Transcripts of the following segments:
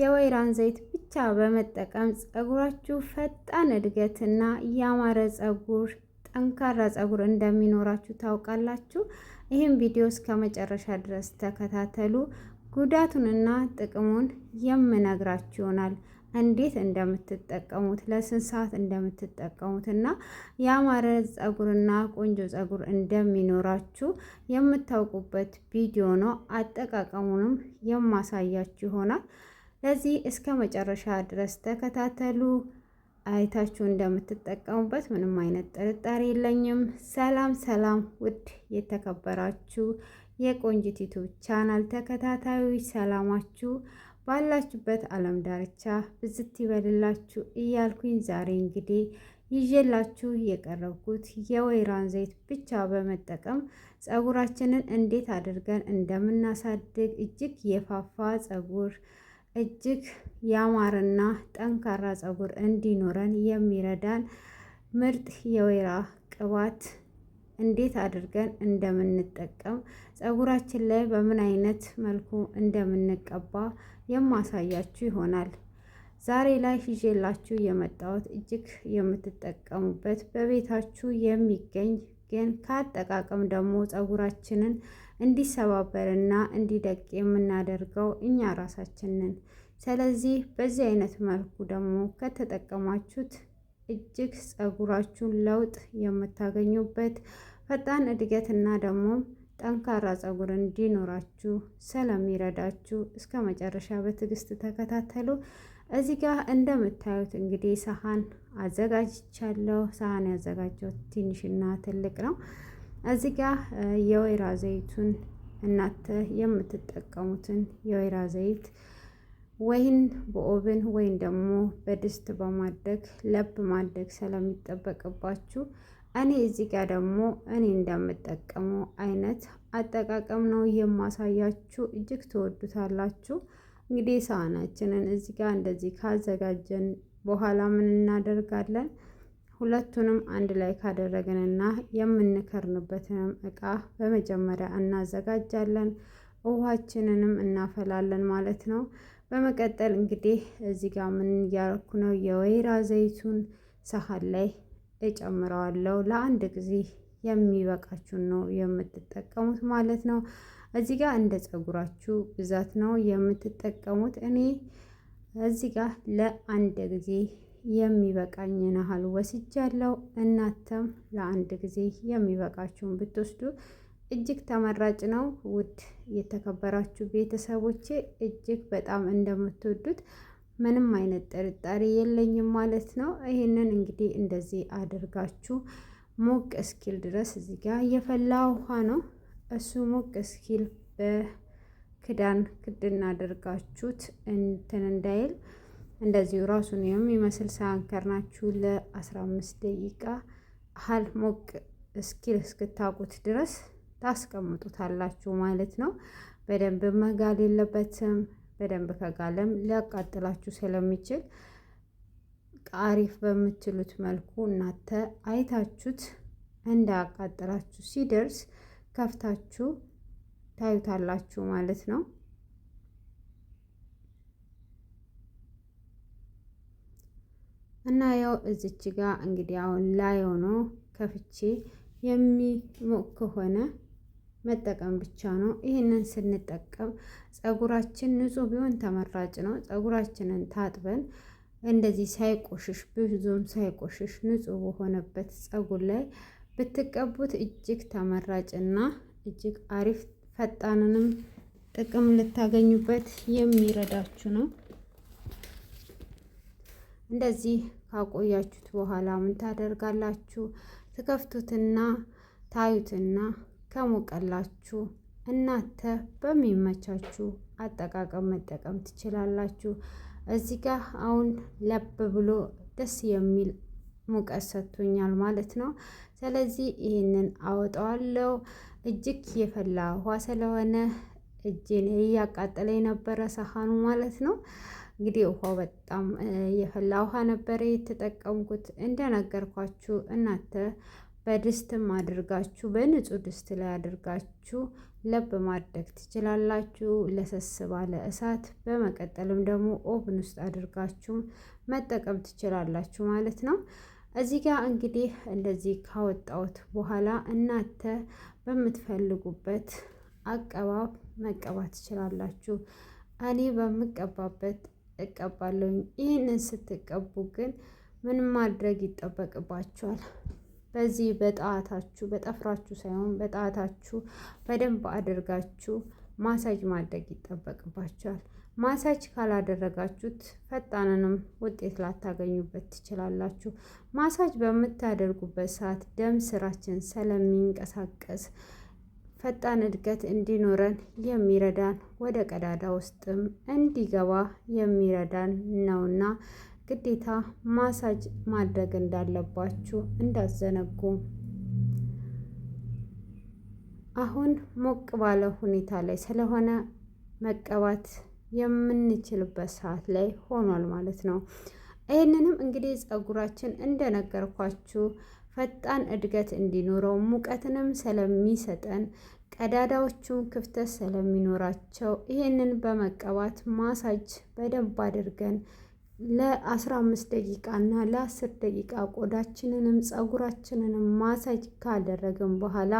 የወይራን ዘይት ብቻ በመጠቀም ፀጉራችሁ ፈጣን እድገት እና ያማረ ፀጉር፣ ጠንካራ ፀጉር እንደሚኖራችሁ ታውቃላችሁ። ይህም ቪዲዮ እስከ መጨረሻ ድረስ ተከታተሉ። ጉዳቱንና ጥቅሙን የምነግራችሁ ይሆናል። እንዴት እንደምትጠቀሙት ለስንት ሰዓት እንደምትጠቀሙት እና ያማረ ፀጉርና ቆንጆ ፀጉር እንደሚኖራችሁ የምታውቁበት ቪዲዮ ነው። አጠቃቀሙንም የማሳያችሁ ይሆናል። ለዚህ እስከ መጨረሻ ድረስ ተከታተሉ። አይታችሁ እንደምትጠቀሙበት ምንም አይነት ጥርጣሬ የለኝም። ሰላም ሰላም! ውድ የተከበራችሁ የቆንጂት ዩቱብ ቻናል ተከታታዮች ሰላማችሁ ባላችሁበት ዓለም ዳርቻ ብዝት ይበልላችሁ እያልኩኝ ዛሬ እንግዲህ ይዤላችሁ የቀረብኩት የወይራን ዘይት ብቻ በመጠቀም ፀጉራችንን እንዴት አድርገን እንደምናሳድግ እጅግ የፋፋ ፀጉር እጅግ ያማረና ጠንካራ ፀጉር እንዲኖረን የሚረዳን ምርጥ የወይራ ቅባት እንዴት አድርገን እንደምንጠቀም ፀጉራችን ላይ በምን አይነት መልኩ እንደምንቀባ የማሳያችሁ ይሆናል። ዛሬ ላይ ይዤላችሁ የመጣሁት እጅግ የምትጠቀሙበት በቤታችሁ የሚገኝ ግን ከአጠቃቀም ደግሞ ፀጉራችንን እንዲሰባበርና እንዲደቅ የምናደርገው እኛ ራሳችንን። ስለዚህ በዚህ አይነት መልኩ ደግሞ ከተጠቀማችሁት እጅግ ፀጉራችሁን ለውጥ የምታገኙበት ፈጣን እድገትና ደግሞ ጠንካራ ፀጉር እንዲኖራችሁ ስለሚረዳችሁ እስከ መጨረሻ በትዕግስት ተከታተሉ። እዚህ ጋር እንደምታዩት እንግዲህ ሰሃን አዘጋጅቻለሁ። ሰሃን ያዘጋጀው ትንሽና ትልቅ ነው። እዚህ ጋር የወይራ ዘይቱን እናንተ የምትጠቀሙትን የወይራ ዘይት ወይን በኦብን ወይን ደግሞ በድስት በማድረግ ለብ ማድረግ ስለሚጠበቅባችሁ እኔ እዚህ ጋር ደግሞ እኔ እንደምጠቀመው አይነት አጠቃቀም ነው የማሳያችሁ። እጅግ ትወዱታላችሁ። እንግዲህ ሳህናችንን እዚህ ጋር እንደዚህ ካዘጋጀን በኋላ ምን እናደርጋለን? ሁለቱንም አንድ ላይ ካደረግንና የምንከርንበትንም እቃ በመጀመሪያ እናዘጋጃለን። ውሃችንንም እናፈላለን ማለት ነው። በመቀጠል እንግዲህ እዚህ ጋር ምን እያደረኩ ነው? የወይራ ዘይቱን ሳህን ላይ እጨምረዋለሁ ለአንድ ጊዜ የሚበቃችሁን ነው የምትጠቀሙት ማለት ነው። እዚህ ጋር እንደ ፀጉራችሁ ብዛት ነው የምትጠቀሙት። እኔ እዚህ ጋር ለአንድ ጊዜ የሚበቃኝን ያህል ወስጃለሁ። እናንተም ለአንድ ጊዜ የሚበቃችሁን ብትወስዱ እጅግ ተመራጭ ነው። ውድ የተከበራችሁ ቤተሰቦቼ እጅግ በጣም እንደምትወዱት ምንም አይነት ጥርጣሬ የለኝም ማለት ነው። ይህንን እንግዲህ እንደዚህ አድርጋችሁ ሞቅ እስኪል ድረስ እዚህ ጋር የፈላ ውሃ ነው እሱ ሞቅ እስኪል በክዳን ክድ እናደርጋችሁት እንትን እንዳይል እንደዚሁ ራሱን የሚመስል ሳህን ናችሁ ለ15 ደቂቃ አህል ሞቅ እስኪል እስክታቁት ድረስ ታስቀምጡታላችሁ ማለት ነው። በደንብ መጋል የለበትም። በደንብ ከጋለም ሊያቃጥላችሁ ስለሚችል አሪፍ በምትሉት መልኩ እናተ አይታችሁት እንዳያቃጥላችሁ ሲደርስ ከፍታችሁ ታዩታላችሁ ማለት ነው። እና ያው እዚች ጋ እንግዲህ አሁን ላይ ሆኖ ከፍቼ የሚሞቅ ከሆነ መጠቀም ብቻ ነው። ይህንን ስንጠቀም ፀጉራችን ንጹህ ቢሆን ተመራጭ ነው። ፀጉራችንን ታጥበን እንደዚህ ሳይቆሽሽ ብዙም ሳይቆሽሽ ንጹህ በሆነበት ፀጉር ላይ ብትቀቡት እጅግ ተመራጭና እጅግ አሪፍ ፈጣንንም ጥቅም ልታገኙበት የሚረዳችሁ ነው። እንደዚህ ካቆያችሁት በኋላ ምን ታደርጋላችሁ? ትከፍቱትና ታዩትና ከሞቀላችሁ እናንተ በሚመቻችሁ አጠቃቀም መጠቀም ትችላላችሁ። እዚህ ጋር አሁን ለብ ብሎ ደስ የሚል ሙቀት ሰጥቶኛል ማለት ነው። ስለዚህ ይህንን አወጣዋለሁ። እጅግ የፈላ ውሃ ስለሆነ እጄን እያቃጠለ የነበረ ሰሃኑ ማለት ነው። እንግዲህ ውሃው በጣም የፈላ ውሃ ነበረ የተጠቀምኩት እንደነገርኳችሁ እናንተ በድስትም አድርጋችሁ በንጹህ ድስት ላይ አድርጋችሁ ለብ ማድረግ ትችላላችሁ፣ ለሰስ ባለ እሳት። በመቀጠልም ደግሞ ኦቭን ውስጥ አድርጋችሁ መጠቀም ትችላላችሁ ማለት ነው። እዚህ ጋር እንግዲህ እንደዚህ ካወጣሁት በኋላ እናንተ በምትፈልጉበት አቀባብ መቀባት ትችላላችሁ። እኔ በምቀባበት እቀባለሁ። ይህንን ስትቀቡ ግን ምን ማድረግ ይጠበቅባችኋል? በዚህ በጣታችሁ በጠፍራችሁ ሳይሆን በጣታችሁ በደንብ አድርጋችሁ ማሳጅ ማድረግ ይጠበቅባችኋል። ማሳጅ ካላደረጋችሁት ፈጣንንም ውጤት ላታገኙበት ትችላላችሁ። ማሳጅ በምታደርጉበት ሰዓት ደም ስራችን ስለሚንቀሳቀስ ፈጣን እድገት እንዲኖረን የሚረዳን ወደ ቀዳዳ ውስጥም እንዲገባ የሚረዳን ነውና ግዴታ ማሳጅ ማድረግ እንዳለባችሁ እንዳዘነጉ። አሁን ሞቅ ባለ ሁኔታ ላይ ስለሆነ መቀባት የምንችልበት ሰዓት ላይ ሆኗል ማለት ነው። ይህንንም እንግዲህ ፀጉራችን እንደነገርኳችሁ ፈጣን እድገት እንዲኖረው ሙቀትንም ስለሚሰጠን ቀዳዳዎቹን ክፍተት ስለሚኖራቸው ይህንን በመቀባት ማሳጅ በደንብ አድርገን ለአስራ አምስት ደቂቃ እና ለአስር ደቂቃ ቆዳችንንም ፀጉራችንንም ማሳጅ ካደረግን በኋላ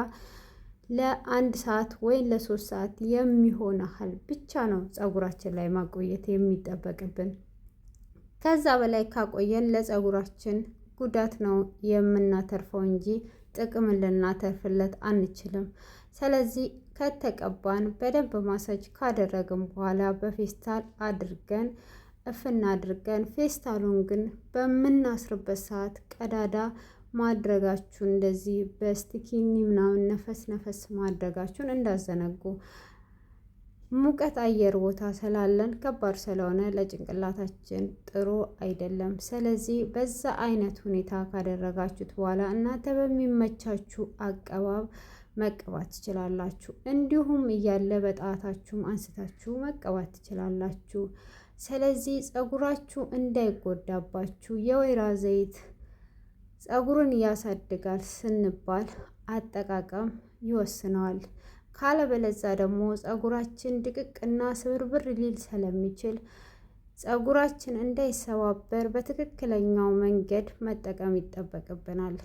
ለአንድ ሰዓት ወይም ለሶስት ሰዓት የሚሆን ያህል ብቻ ነው ፀጉራችን ላይ ማቆየት የሚጠበቅብን። ከዛ በላይ ካቆየን ለፀጉራችን ጉዳት ነው የምናተርፈው እንጂ ጥቅም ልናተርፍለት አንችልም። ስለዚህ ከተቀባን በደንብ ማሳጅ ካደረግን በኋላ በፌስታል አድርገን እፍና አድርገን ፌስታሉን ግን በምናስርበት ሰዓት ቀዳዳ ማድረጋችሁን እንደዚህ በስቲኪኒ ምናምን ነፈስ ነፈስ ማድረጋችሁን እንዳዘነጉ። ሙቀት አየር ቦታ ስላለን ከባድ ስለሆነ ለጭንቅላታችን ጥሩ አይደለም። ስለዚህ በዛ አይነት ሁኔታ ካደረጋችሁት በኋላ እናንተ በሚመቻችሁ አቀባብ መቀባት ትችላላችሁ። እንዲሁም እያለ በጣታችሁም አንስታችሁ መቀባት ትችላላችሁ። ስለዚህ ፀጉራችሁ እንዳይጎዳባችሁ የወይራ ዘይት ፀጉርን ያሳድጋል ስንባል አጠቃቀም ይወስነዋል። ካለበለዛ ደግሞ ፀጉራችን ድቅቅና ስብርብር ሊል ስለሚችል ጸጉራችን እንዳይሰባበር በትክክለኛው መንገድ መጠቀም ይጠበቅብናል።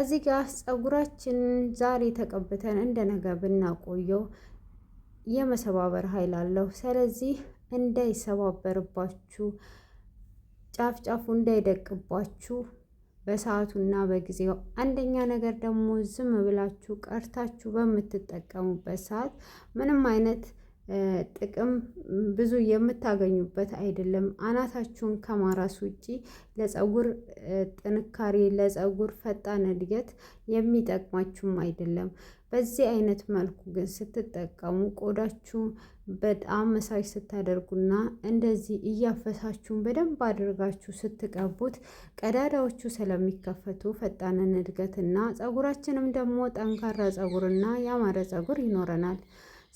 እዚህ ጋር ፀጉራችንን ዛሬ ተቀብተን እንደ ብናቆየው የመሰባበር ኃይል አለው። ስለዚህ እንዳይሰባበርባችሁ ጫፍ ጫፉ እንዳይደቅባችሁ በሰዓቱና በጊዜው። አንደኛ ነገር ደግሞ ዝም ብላችሁ ቀርታችሁ በምትጠቀሙበት ሰዓት ምንም አይነት ጥቅም ብዙ የምታገኙበት አይደለም። አናታችሁን ከማራስ ውጪ ለፀጉር ጥንካሬ፣ ለፀጉር ፈጣን እድገት የሚጠቅማችሁም አይደለም። በዚህ አይነት መልኩ ግን ስትጠቀሙ ቆዳችሁ በጣም መሳጅ ስታደርጉና እንደዚህ እያፈሳችሁን በደንብ አድርጋችሁ ስትቀቡት ቀዳዳዎቹ ስለሚከፈቱ ፈጣንን እድገትና ፀጉራችንም ደግሞ ጠንካራ ጸጉርና ያማረ ፀጉር ይኖረናል።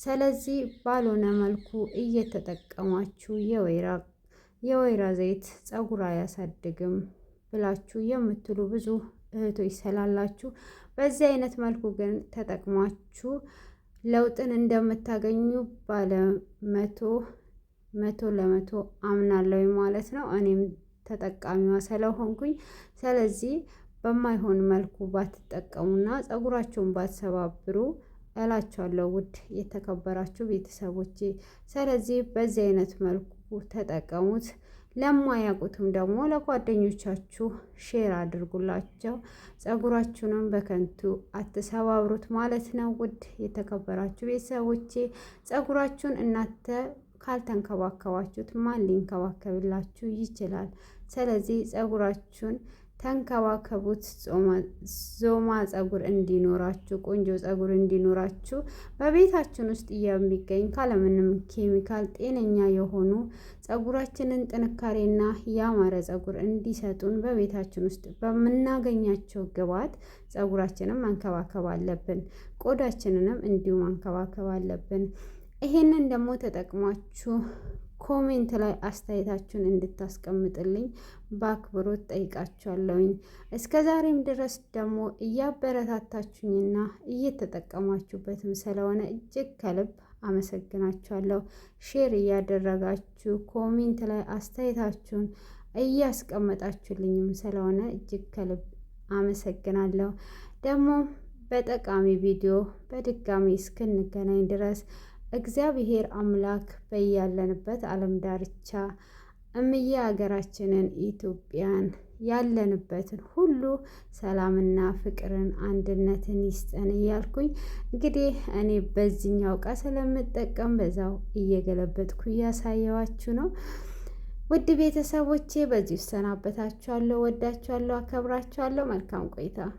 ስለዚህ ባልሆነ መልኩ እየተጠቀማችሁ የወይራ የወይራ ዘይት ፀጉር አያሳድግም ብላችሁ የምትሉ ብዙ እህቶች ስላላችሁ በዚህ አይነት መልኩ ግን ተጠቅሟችሁ ለውጥን እንደምታገኙ ባለ መቶ መቶ ለመቶ አምናለሁ ማለት ነው። እኔም ተጠቃሚዋ ስለሆንኩኝ ስለዚህ በማይሆን መልኩ ባትጠቀሙና ጸጉራቸውን ባትሰባብሩ እላቸዋለሁ፣ ውድ የተከበራችሁ ቤተሰቦቼ። ስለዚህ በዚህ አይነት መልኩ ተጠቀሙት። ለማያውቁትም ደግሞ ለጓደኞቻችሁ ሼር አድርጉላቸው። ጸጉራችሁንም በከንቱ አትሰባብሩት ማለት ነው። ውድ የተከበራችሁ ቤተሰቦቼ ጸጉራችሁን እናንተ ካልተንከባከባችሁት ማን ሊንከባከብላችሁ ይችላል? ስለዚህ ጸጉራችሁን ተንከባከቡት። ዞማ ፀጉር እንዲኖራችሁ ቆንጆ ጸጉር እንዲኖራችሁ በቤታችን ውስጥ የሚገኝ ካለምንም ኬሚካል ጤነኛ የሆኑ ፀጉራችንን ጥንካሬና ያማረ ፀጉር እንዲሰጡን በቤታችን ውስጥ በምናገኛቸው ግብዓት ፀጉራችንን መንከባከብ አለብን። ቆዳችንንም እንዲሁ መንከባከብ አለብን። ይሄንን ደግሞ ተጠቅሟችሁ ኮሜንት ላይ አስተያየታችሁን እንድታስቀምጥልኝ በአክብሮት ጠይቃችኋለሁኝ። እስከ ዛሬም ድረስ ደግሞ እያበረታታችሁኝና እየተጠቀማችሁበትም ስለሆነ እጅግ ከልብ አመሰግናችኋለሁ። ሼር እያደረጋችሁ ኮሜንት ላይ አስተያየታችሁን እያስቀመጣችሁልኝም ስለሆነ እጅግ ከልብ አመሰግናለሁ። ደግሞ በጠቃሚ ቪዲዮ በድጋሚ እስክንገናኝ ድረስ እግዚአብሔር አምላክ በያለንበት ዓለም ዳርቻ እምዬ ሀገራችንን ኢትዮጵያን ያለንበትን ሁሉ ሰላምና ፍቅርን አንድነትን ይስጠን እያልኩኝ እንግዲህ እኔ በዚህኛው እቃ ስለምጠቀም በዛው እየገለበጥኩ እያሳየዋችሁ ነው። ውድ ቤተሰቦቼ በዚህ እሰናበታችኋለሁ። ወዳችኋለሁ፣ አከብራችኋለሁ። መልካም ቆይታ